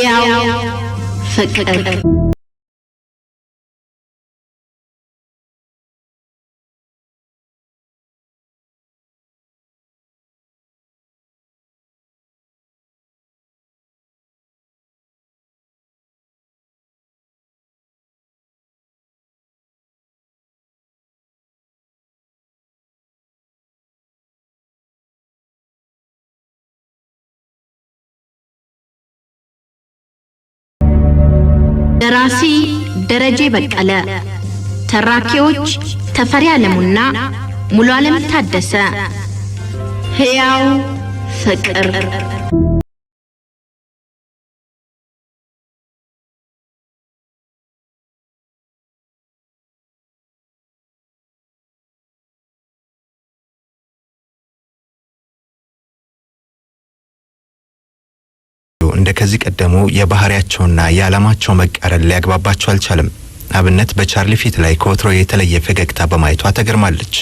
ሕያው ፍቅር ደረጀ በቀለ፣ ተራኪዎች ተፈሪ ዓለሙና ሙሉ ዓለም ታደሰ። ሕያው ፍቅር ከዚህ ቀደሙ የባህሪያቸውና የዓላማቸው መቃረን ሊያግባባቸው አልቻለም። አብነት በቻርሊ ፊት ላይ ከወትሮ የተለየ ፈገግታ በማየቷ ተገርማለች።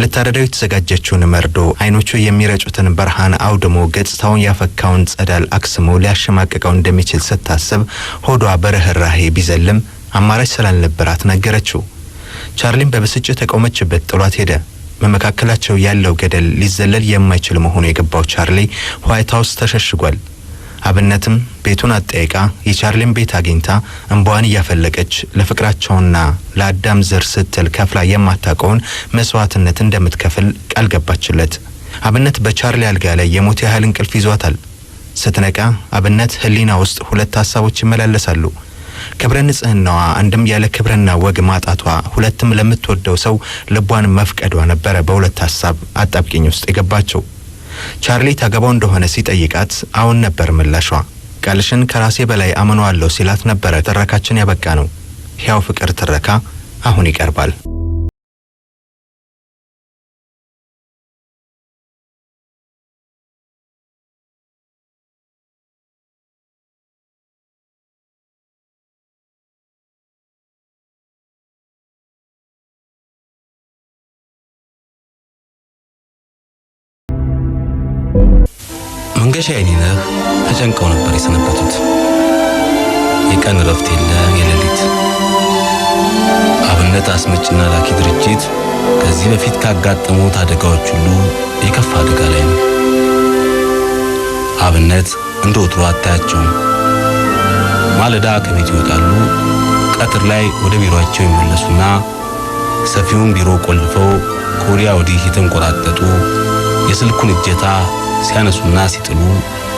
ልታረዳው የተዘጋጀችውን መርዶ አይኖቹ የሚረጩትን ብርሃን አውድሞ ገጽታውን ያፈካውን ጸዳል አክስሞ ሊያሸማቅቀው እንደሚችል ስታስብ ሆዷ በርህራሄ ቢዘልም አማራጭ ስላልነበራት ነገረችው። ቻርሊን በብስጭት ተቆመችበት፣ ጥሏት ሄደ። በመካከላቸው ያለው ገደል ሊዘለል የማይችል መሆኑ የገባው ቻርሊ ዋይት ሀውስ ተሸሽጓል። አብነትም ቤቱን አጠይቃ የቻርሊን ቤት አግኝታ እንባዋን እያፈለቀች ለፍቅራቸውና ለአዳም ዘር ስትል ከፍላ የማታውቀውን መስዋዕትነት እንደምትከፍል ቃል ገባችለት። አብነት በቻርሊ አልጋ ላይ የሞት ያህል እንቅልፍ ይዟታል። ስትነቃ አብነት ህሊና ውስጥ ሁለት ሀሳቦች ይመላለሳሉ። ክብረ ንጽህናዋ አንድም ያለ ክብርና ወግ ማጣቷ፣ ሁለትም ለምትወደው ሰው ልቧን መፍቀዷ ነበረ በሁለት ሀሳብ አጣብቂኝ ውስጥ የገባቸው። ቻርሊ ታገባው እንደሆነ ሲጠይቃት አሁን ነበር ምላሿ። ቃልሽን ከራሴ በላይ አለው ሲላት ነበረ ትረካችን ያበቃ ነው። ሕያው ፍቅር ትረካ አሁን ይቀርባል። ተጨንቀው ነበር የሰነበቱት። የቀን እረፍት የለ የሌሊት። አብነት አስመጭና ላኪ ድርጅት ከዚህ በፊት ካጋጠሙት አደጋዎች ሁሉ የከፋ አደጋ ላይ ነው። አብነት እንደ ወትሮ አታያቸውም። ማለዳ ከቤት ይወጣሉ። ቀትር ላይ ወደ ቢሮአቸው ይመለሱና ሰፊውን ቢሮ ቆልፈው ከወዲያ ወዲህ የተንቆራጠጡ የስልኩን እጀታ ሲያነሱና ሲጥሉ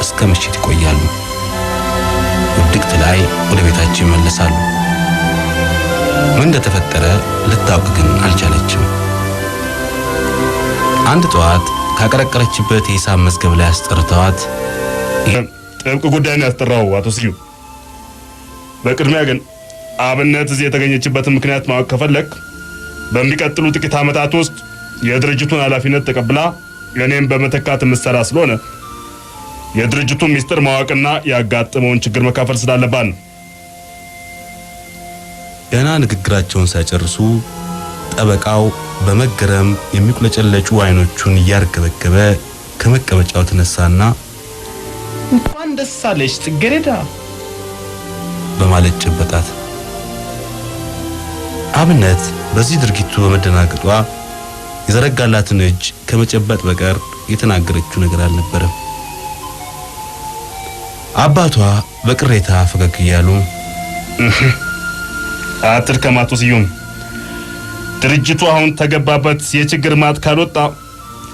እስከ ምሽት ይቆያሉ። ውድቅት ላይ ወደ ቤታቸው ይመለሳሉ። ምን እንደተፈጠረ ልታውቅ ግን አልቻለችም። አንድ ጠዋት ካቀረቀረችበት የሂሳብ መዝገብ ላይ አስጠርተዋት ጥብቅ ጉዳይ ነው ያስጠራው አቶ ስዩ። በቅድሚያ ግን አብነት እዚህ የተገኘችበትን ምክንያት ማወቅ ከፈለግ በሚቀጥሉ ጥቂት ዓመታት ውስጥ የድርጅቱን ኃላፊነት ተቀብላ እኔም በመተካት የምትሰራ ስለሆነ የድርጅቱን ሚስጥር ማወቅና ያጋጠመውን ችግር መካፈል ስላለባን። ገና ንግግራቸውን ሳይጨርሱ ጠበቃው በመገረም የሚቁለጨለጩ አይኖቹን እያርገበገበ ከመቀመጫው ተነሳና እንኳን ደስ አለሽ ጽጌረዳ በማለት ጨበጣት። አብነት በዚህ ድርጊቱ በመደናገጧ የዘረጋላትን እጅ ከመጨበጥ በቀር የተናገረችው ነገር አልነበረም። አባቷ በቅሬታ ፈገግ እያሉ አትር ከማቱ ስዩም፣ ድርጅቱ አሁን ተገባበት የችግር ማጥ ካልወጣ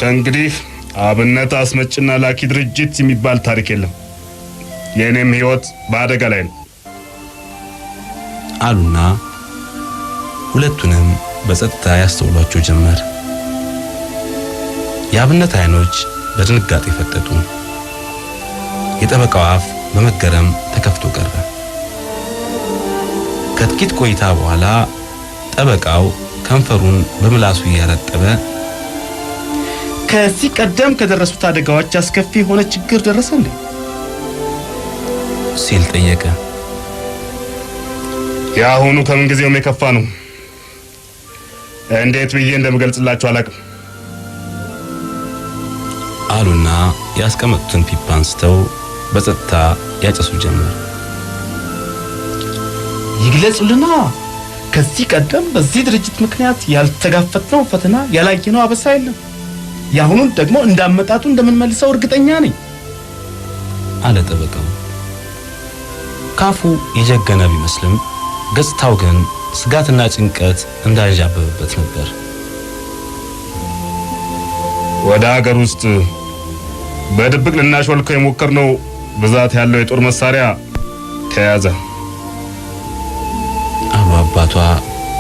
ከእንግዲህ አብነት አስመጭና ላኪ ድርጅት የሚባል ታሪክ የለም። የእኔም ሕይወት በአደጋ ላይ ነው አሉና ሁለቱንም በጸጥታ ያስተውሏቸው ጀመር። የአብነት አይኖች በድንጋጤ ፈጠጡ። የጠበቃው አፍ በመገረም ተከፍቶ ቀረ። ከጥቂት ቆይታ በኋላ ጠበቃው ከንፈሩን በምላሱ እያረጠበ ከዚህ ቀደም ከደረሱት አደጋዎች አስከፊ የሆነ ችግር ደረሰ እንዴ? ሲል ጠየቀ። የአሁኑ ከምንጊዜውም የከፋ ነው። እንዴት ብዬ እንደምገልጽላችሁ አላቅም አሉና ያስቀመጡትን ፒፓ አንስተው በጸጥታ ያጨሱ ጀመር። ይግለጹልና ከዚህ ቀደም በዚህ ድርጅት ምክንያት ያልተጋፈጥነው ፈተና ያላየነው አበሳ የለም። የአሁኑን ደግሞ እንዳመጣጡ እንደምንመልሰው እርግጠኛ ነኝ አለ ጠበቃው። ካፉ የጀገነ ቢመስልም ገጽታው ግን ስጋትና ጭንቀት እንዳንዣበበበት ነበር። ወደ አገር ውስጥ በድብቅ ልናሾልከው የሞከርነው ብዛት ያለው የጦር መሳሪያ ተያዘ። አሉ አባቷ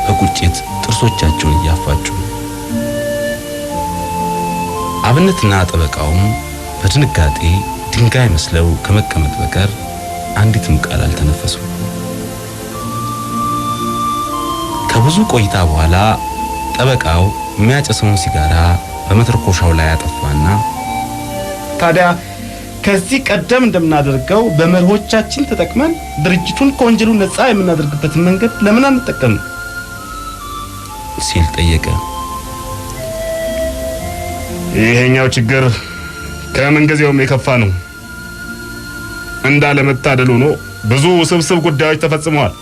በቁጭት ጥርሶቻቸውን እያፋጩ አብነትና ጠበቃውም በድንጋጤ ድንጋይ መስለው ከመቀመጥ በቀር አንዲትም ቃል አልተነፈሱ። ከብዙ ቆይታ በኋላ ጠበቃው የሚያጨሰውን ሲጋራ በመተርኮሻው ላይ አጠፋና ታዲያ ከዚህ ቀደም እንደምናደርገው በመርሆቻችን ተጠቅመን ድርጅቱን ከወንጀሉ ነፃ የምናደርግበትን መንገድ ለምን አንጠቀምም? ሲል ጠየቀ። ይሄኛው ችግር ከምን የከፋ ነው። እንዳለመታደል ሆኖ ብዙ ውስብስብ ጉዳዮች ተፈጽመዋል።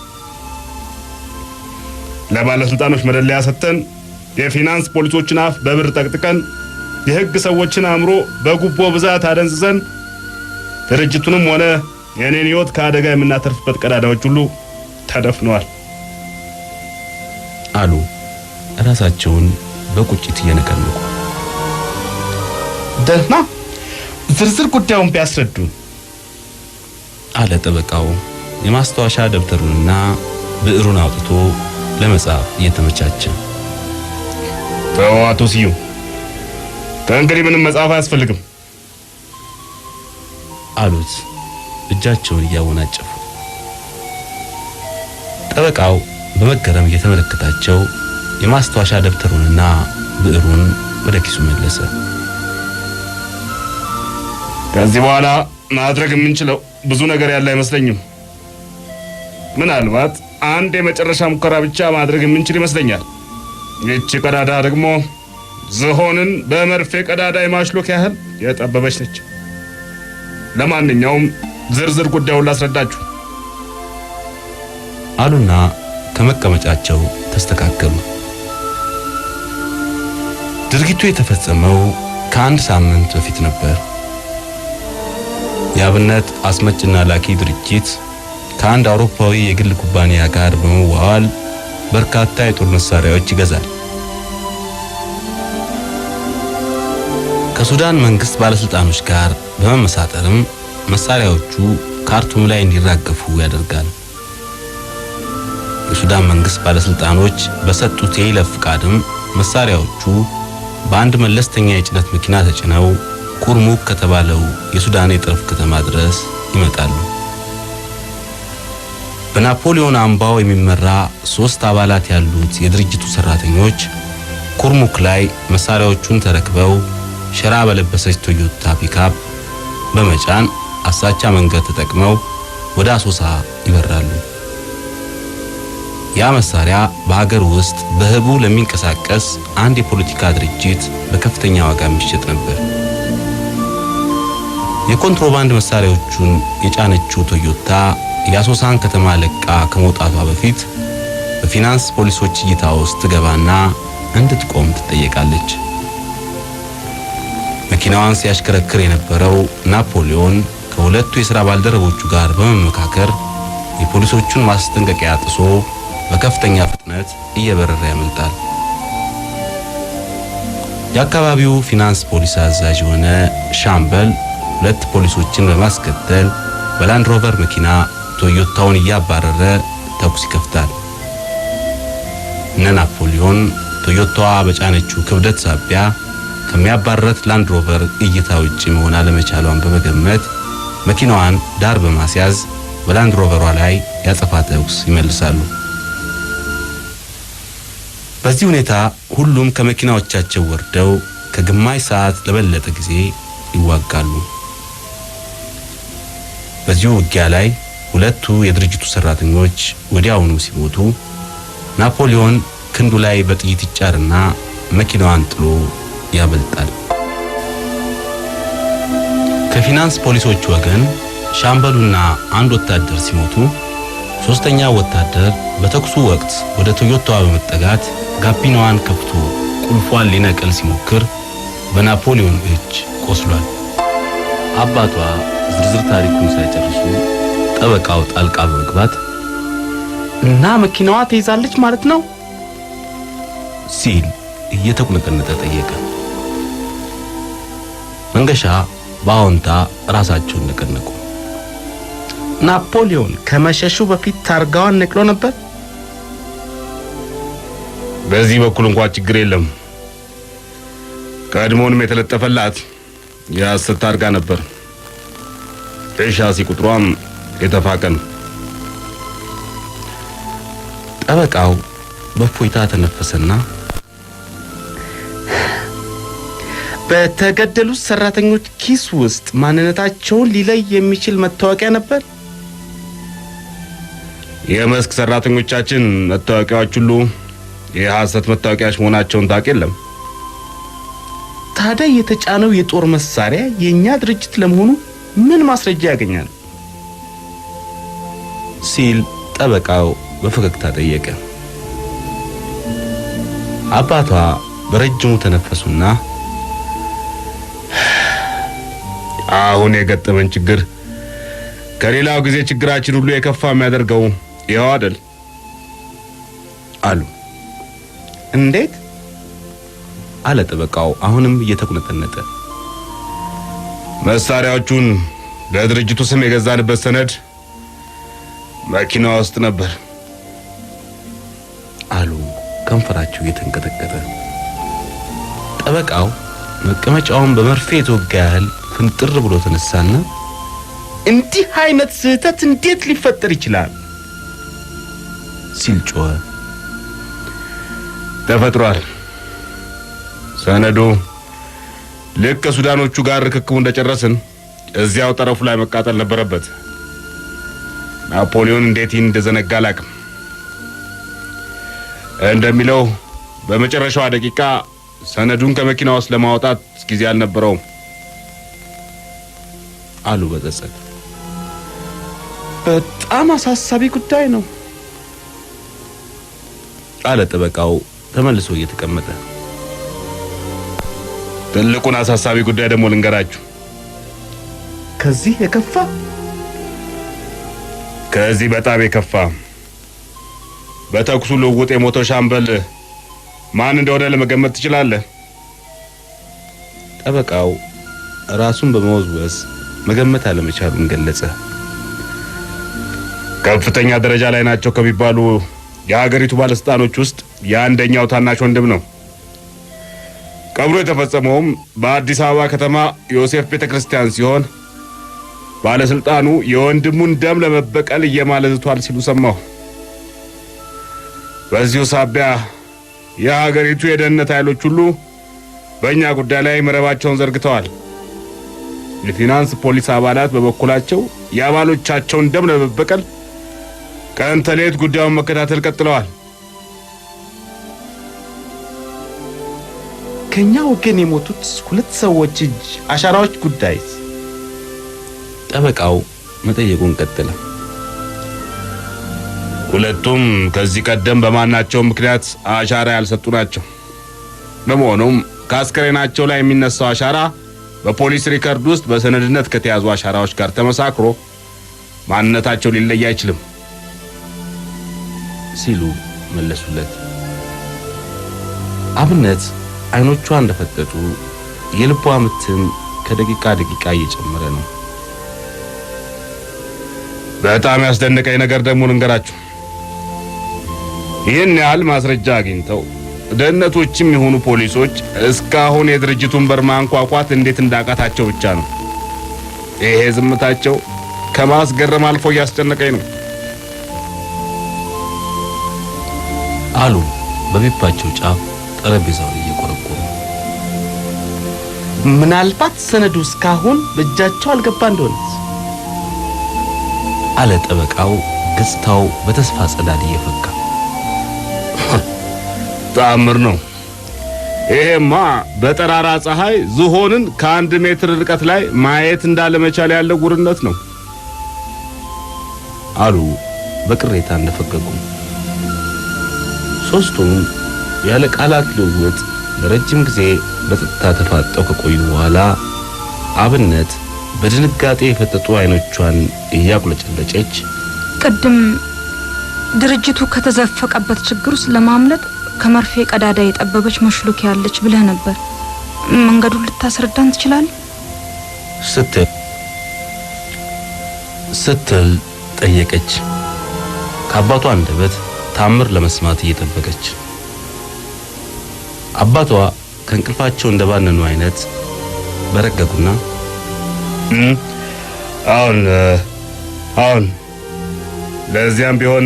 ለባለስልጣኖች መደለያ ሰጥተን የፊናንስ ፖሊሶችን አፍ በብር ጠቅጥቀን የህግ ሰዎችን አእምሮ በጉቦ ብዛት አደንዝዘን ድርጅቱንም ሆነ የእኔን ሕይወት ከአደጋ የምናተርፍበት ቀዳዳዎች ሁሉ ተደፍነዋል አሉ ራሳቸውን በቁጭት እየነቀነቁ። ደህና ዝርዝር ጉዳዩን ቢያስረዱን አለ ጠበቃው የማስታወሻ ደብተሩንና ብዕሩን አውጥቶ ለመጻፍ እየተመቻቸ። ተው አቶ ስዩም ከእንግዲህ ምንም መጽሐፍ አያስፈልግም። አሉት እጃቸውን እያወናጨፉ። ጠበቃው በመገረም እየተመለከታቸው የማስታወሻ ደብተሩንና ብዕሩን ወደ ኪሱ መለሰ። ከዚህ በኋላ ማድረግ የምንችለው ብዙ ነገር ያለ አይመስለኝም። ምናልባት አንድ የመጨረሻ ሙከራ ብቻ ማድረግ የምንችል ይመስለኛል። ይቺ ቀዳዳ ደግሞ ዝሆንን በመርፌ ቀዳዳ የማሽሎክ ያህል የጠበበች ነች። ለማንኛውም ዝርዝር ጉዳዩን ላስረዳችሁ አሉና ከመቀመጫቸው ተስተካከሉ። ድርጊቱ የተፈጸመው ከአንድ ሳምንት በፊት ነበር። የአብነት አስመጭና ላኪ ድርጅት ከአንድ አውሮፓዊ የግል ኩባንያ ጋር በመዋዋል በርካታ የጦር መሳሪያዎች ይገዛል። ከሱዳን መንግስት ባለስልጣኖች ጋር በመመሳጠርም መሳሪያዎቹ ካርቱም ላይ እንዲራገፉ ያደርጋል። የሱዳን መንግስት ባለስልጣኖች በሰጡት የይለፍ ፍቃድም መሳሪያዎቹ በአንድ መለስተኛ የጭነት መኪና ተጭነው ኩርሙክ ከተባለው የሱዳን የጠረፍ ከተማ ድረስ ይመጣሉ። በናፖሊዮን አምባው የሚመራ ሶስት አባላት ያሉት የድርጅቱ ሰራተኞች ኩርሙክ ላይ መሳሪያዎቹን ተረክበው ሸራ በለበሰች ቶዮታ ፒካፕ በመጫን አሳቻ መንገድ ተጠቅመው ወደ አሶሳ ይበራሉ። ያ መሳሪያ በሀገር ውስጥ በህቡ ለሚንቀሳቀስ አንድ የፖለቲካ ድርጅት በከፍተኛ ዋጋ የሚሸጥ ነበር። የኮንትሮባንድ መሳሪያዎቹን የጫነችው ቶዮታ የአሶሳን ከተማ ለቃ ከመውጣቷ በፊት በፊናንስ ፖሊሶች እይታ ውስጥ ትገባና እንድትቆም ትጠየቃለች። መኪናዋን ሲያሽከረክር የነበረው ናፖሊዮን ከሁለቱ የሥራ ባልደረቦቹ ጋር በመመካከር የፖሊሶቹን ማስጠንቀቂያ ጥሶ በከፍተኛ ፍጥነት እየበረረ ያመልጣል። የአካባቢው ፊናንስ ፖሊስ አዛዥ የሆነ ሻምበል ሁለት ፖሊሶችን በማስከተል በላንድ ሮቨር መኪና ቶዮታውን እያባረረ ተኩስ ይከፍታል። እነ ናፖሊዮን ቶዮታዋ በጫነችው ክብደት ሳቢያ ከሚያባረት ላንድ ሮቨር እይታ ውጪ መሆን አለመቻሏን በመገመት መኪናዋን ዳር በማስያዝ በላንድ ሮቨሯ ላይ ያጸፋ ተኩስ ይመልሳሉ። በዚህ ሁኔታ ሁሉም ከመኪናዎቻቸው ወርደው ከግማሽ ሰዓት ለበለጠ ጊዜ ይዋጋሉ። በዚሁ ውጊያ ላይ ሁለቱ የድርጅቱ ሰራተኞች ወዲያውኑ ሲሞቱ ናፖሊዮን ክንዱ ላይ በጥይት ይጫርና መኪናዋን ጥሎ ያበልጣል። ከፊናንስ ፖሊሶች ወገን ሻምበሉና አንድ ወታደር ሲሞቱ ሶስተኛ ወታደር በተኩሱ ወቅት ወደ ቶዮታዋ በመጠጋት ጋቢናዋን ከፍቶ ቁልፏን ሊነቅል ሲሞክር በናፖሊዮን እጅ ቆስሏል። አባቷ ዝርዝር ታሪኩን ሳይጨርሱ ጠበቃው ጣልቃ በመግባት እና መኪናዋ ትይዛለች ማለት ነው ሲል እየተቁነጠነጠ ጠየቀ። መንገሻ በአዎንታ ራሳቸውን ነቀነቁ። ናፖሊዮን ከመሸሹ በፊት ታርጋዋን ነቅሎ ነበር። በዚህ በኩል እንኳ ችግር የለም። ቀድሞውንም የተለጠፈላት የአስር ታርጋ ነበር። ሻሲ ቁጥሯም የተፋቀን። ጠበቃው በእፎይታ ተነፈሰና በተገደሉት ሰራተኞች ኪስ ውስጥ ማንነታቸውን ሊለይ የሚችል መታወቂያ ነበር። የመስክ ሰራተኞቻችን መታወቂያዎች ሁሉ የሐሰት መታወቂያዎች መሆናቸውን ታውቅ የለም። ታዲያ የተጫነው የጦር መሳሪያ የእኛ ድርጅት ለመሆኑ ምን ማስረጃ ያገኛል? ሲል ጠበቃው በፈገግታ ጠየቀ። አባቷ በረጅሙ ተነፈሱና አሁን የገጠመን ችግር ከሌላው ጊዜ ችግራችን ሁሉ የከፋ የሚያደርገው ይኸው አይደል? አሉ። እንዴት? አለ ጠበቃው አሁንም እየተቁነጠነጠ። መሳሪያዎቹን በድርጅቱ ስም የገዛንበት ሰነድ መኪና ውስጥ ነበር አሉ ከንፈራቸው እየተንቀጠቀጠ። ጠበቃው መቀመጫውን በመርፌ የተወጋ ያህል ፍንጥር ብሎ ተነሳና እንዲህ አይነት ስህተት እንዴት ሊፈጠር ይችላል ሲል ጮኸ። ተፈጥሯል። ሰነዱ ልክ ከሱዳኖቹ ጋር ርክክቡ እንደጨረስን እዚያው ጠረፉ ላይ መቃጠል ነበረበት። ናፖሊዮን እንዴት ይህን እንደዘነጋ አላቅም። እንደሚለው በመጨረሻዋ ደቂቃ ሰነዱን ከመኪና ውስጥ ለማውጣት ጊዜ አልነበረውም። አሉ በጸጸት። በጣም አሳሳቢ ጉዳይ ነው አለ ጠበቃው ተመልሶ እየተቀመጠ። ትልቁን አሳሳቢ ጉዳይ ደግሞ ልንገራችሁ። ከዚህ የከፋ ከዚህ በጣም የከፋ በተኩሱ ልውውጥ የሞተው ሻምበል ማን እንደሆነ ለመገመት ትችላለህ? ጠበቃው ራሱን በመወዝወዝ መገመት አለመቻሉን ገለጸ። ከፍተኛ ደረጃ ላይ ናቸው ከሚባሉ የሀገሪቱ ባለስልጣኖች ውስጥ የአንደኛው ታናሽ ወንድም ነው። ቀብሩ የተፈጸመውም በአዲስ አበባ ከተማ ዮሴፍ ቤተ ክርስቲያን ሲሆን ባለስልጣኑ የወንድሙን ደም ለመበቀል እየማለዝቷል ሲሉ ሰማሁ። በዚሁ ሳቢያ የሀገሪቱ የደህንነት ኃይሎች ሁሉ በእኛ ጉዳይ ላይ መረባቸውን ዘርግተዋል። የፊናንስ ፖሊስ አባላት በበኩላቸው የአባሎቻቸውን ደም ለመበቀል ቀን ተሌት ጉዳዩን መከታተል ቀጥለዋል። ከኛ ወገን የሞቱት ሁለት ሰዎች እጅ አሻራዎች ጉዳይ ጠበቃው መጠየቁን ቀጥለ ሁለቱም ከዚህ ቀደም በማናቸው ምክንያት አሻራ ያልሰጡ ናቸው። ለመሆኑም ከአስከሬናቸው ላይ የሚነሳው አሻራ በፖሊስ ሪከርድ ውስጥ በሰነድነት ከተያዙ አሻራዎች ጋር ተመሳክሮ ማንነታቸው ሊለይ አይችልም ሲሉ መለሱለት። አብነት አይኖቿ እንደፈጠጡ የልቧ ምትም ከደቂቃ ደቂቃ እየጨመረ ነው። በጣም ያስደነቀኝ ነገር ደግሞ ልንገራችሁ። ይህን ያህል ማስረጃ አግኝተው ደህንነቶችም የሆኑ ፖሊሶች እስካሁን የድርጅቱን በር ማንኳኳት እንዴት እንዳቃታቸው ብቻ ነው። ይሄ ዝምታቸው ከማስገረም አልፎ እያስጨነቀኝ ነው አሉ በቤባቸው ጫፍ ላይ እየቆረቆሩ። ምናልባት ሰነዱ እስካሁን በእጃቸው አልገባ እንደሆነ አለ ጠበቃው፣ ገጽታው በተስፋ ጸዳድ እየፈካ ተአምር ነው። ይሄማ በጠራራ ፀሐይ ዝሆንን ከአንድ ሜትር ርቀት ላይ ማየት እንዳለመቻል ያለ ጉርነት ነው አሉ በቅሬታ እንደፈገጉ። ሦስቱም ያለ ቃላት ልውውጥ ለረጅም ጊዜ በጸጥታ ተፋጠው ከቆዩ በኋላ አብነት በድንጋጤ የፈጠጡ አይኖቿን እያቁለጨለጨች ቅድም ድርጅቱ ከተዘፈቀበት ችግር ውስጥ ለማምለጥ ከመርፌ ቀዳዳ የጠበበች መሽሉክ ያለች ብለህ ነበር። መንገዱን ልታስረዳን ትችላል? ስትል ስትል ጠየቀች፣ ከአባቷ አንደበት ታምር ለመስማት እየጠበቀች። አባቷ ከእንቅልፋቸው እንደባነኑ አይነት በረገጉና አሁን አሁን ለዚያም ቢሆን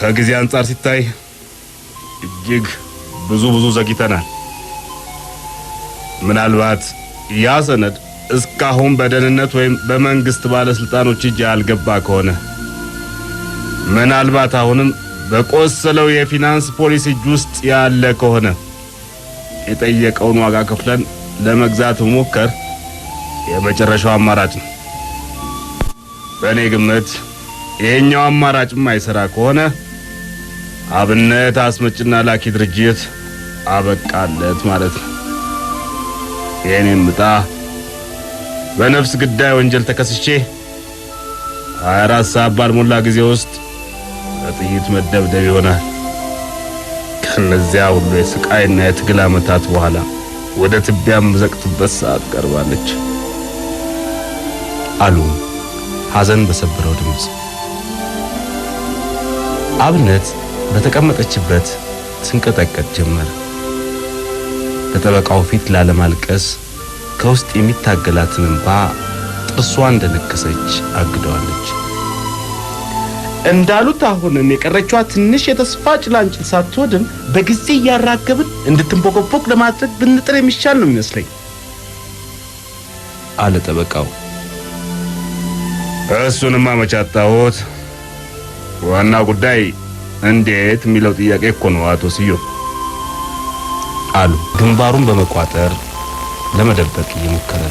ከጊዜ አንጻር ሲታይ እጅግ ብዙ ብዙ ዘግይተናል። ምናልባት ያ ሰነድ እስካሁን በደህንነት ወይም በመንግስት ባለስልጣኖች እጅ ያልገባ ከሆነ ምናልባት አሁንም በቆሰለው የፊናንስ ፖሊሲ እጅ ውስጥ ያለ ከሆነ የጠየቀውን ዋጋ ከፍለን ለመግዛት ሞከር የመጨረሻው አማራጭ ነው። በእኔ ግምት ይሄኛው አማራጭም አይሰራ ከሆነ አብነት አስመጭና ላኪ ድርጅት አበቃለት ማለት ነው። የእኔም ዕጣ በነፍስ ግዳይ ወንጀል ተከስቼ 24 ሰዓት ባልሞላ ጊዜ ውስጥ በጥይት መደብደብ ይሆናል። ከነዚያ ሁሉ የስቃይና የትግል ዓመታት በኋላ ወደ ትቢያም ዘቅትበት ሰዓት ቀርባለች አሉ ሐዘን በሰበረው ድምፅ አብነት በተቀመጠችበት ትንቀጠቀጥ ጀመር። በጠበቃው ፊት ላለማልቀስ ከውስጥ የሚታገላትን እንባ ጥርሷ እንደነከሰች አግደዋለች። እንዳሉት አሁንም የቀረችዋ ትንሽ የተስፋ ጭላንጭል ሳትወድም በጊዜ እያራገብን እንድትንቦቆቦቅ ለማድረግ ብንጥር የሚሻል ነው የሚመስለኝ አለ ጠበቃው። እሱንማ መቻጣሁት ዋና ጉዳይ እንዴት የሚለው ጥያቄ እኮ ነው አቶ ስዩም አሉ። ግንባሩን በመቋጠር ለመደበቅ እየሞከረ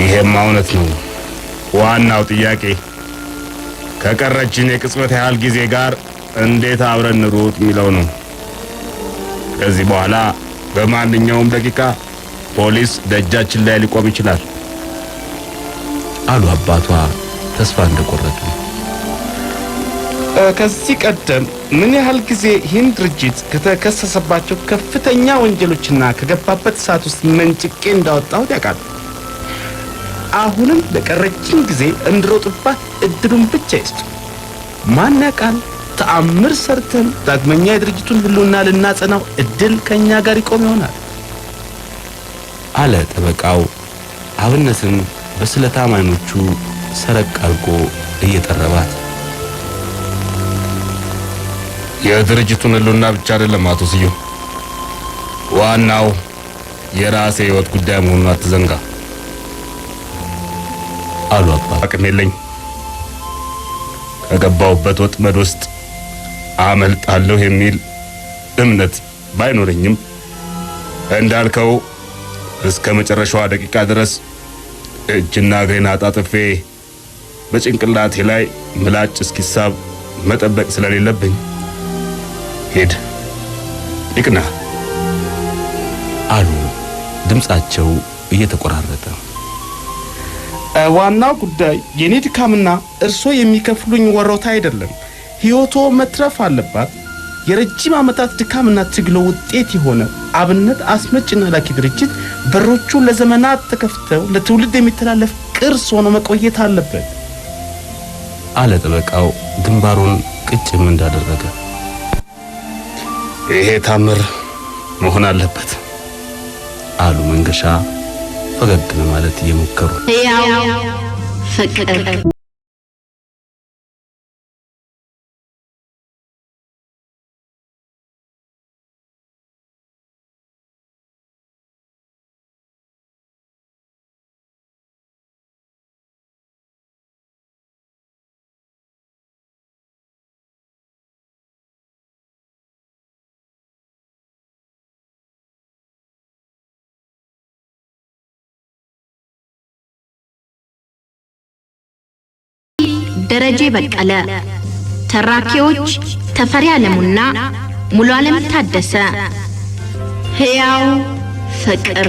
ይሄማ እውነት ነው። ዋናው ጥያቄ ከቀረችን የቅጽበት ያህል ጊዜ ጋር እንዴት አብረን ሩጥ የሚለው ነው። ከዚህ በኋላ በማንኛውም ደቂቃ ፖሊስ ደጃችን ላይ ሊቆም ይችላል አሉ አባቷ ተስፋ እንደቆረጡ ከዚህ ቀደም ምን ያህል ጊዜ ይህን ድርጅት ከተከሰሰባቸው ከፍተኛ ወንጀሎችና ከገባበት እሳት ውስጥ መንጭቄ እንዳወጣሁት ያውቃል። አሁንም ለቀረችኝ ጊዜ እንድሮጥባት እድሉን ብቻ ይስጡ። ማን ያውቃል፣ ተአምር ሰርተን ዳግመኛ የድርጅቱን ህልውና ልናጸናው እድል ከእኛ ጋር ይቆም ይሆናል አለ ጠበቃው። አብነትን በስለታም አይኖቹ ሰረቅ አድርጎ እየጠረባት የድርጅቱን ህልውና ብቻ አይደለም አቶ ስዩም፣ ዋናው የራሴ ህይወት ጉዳይ መሆኑን አትዘንጋ አሉ አባ። አቅም የለኝ፣ ከገባሁበት ወጥመድ ውስጥ አመልጣለሁ የሚል እምነት ባይኖረኝም እንዳልከው እስከ መጨረሻዋ ደቂቃ ድረስ እጅና እግሬን አጣጥፌ በጭንቅላቴ ላይ ምላጭ እስኪሳብ መጠበቅ ስለሌለብኝ ሄድ ይቅና አሉ ድምፃቸው እየተቆራረጠ። ዋናው ጉዳይ የኔ ድካምና እርሶ የሚከፍሉኝ ወሮታ አይደለም። ሕይወቶ መትረፍ አለባት። የረጅም ዓመታት ድካምና ትግሎ ውጤት የሆነ አብነት አስመጭና ላኪ ድርጅት በሮቹ ለዘመናት ተከፍተው ለትውልድ የሚተላለፍ ቅርስ ሆኖ መቆየት አለበት አለ ጠበቃው ግንባሩን ቅጭም እንዳደረገ ይሄ ታምር መሆን አለበት አሉ መንገሻ ፈገግ ማለት እየሞከሩ ያው ፍቅር ደረጀ በቀለ፣ ተራኪዎች ተፈሪ አለሙና ሙሉ ዓለም ታደሰ። ሕያው ፍቅር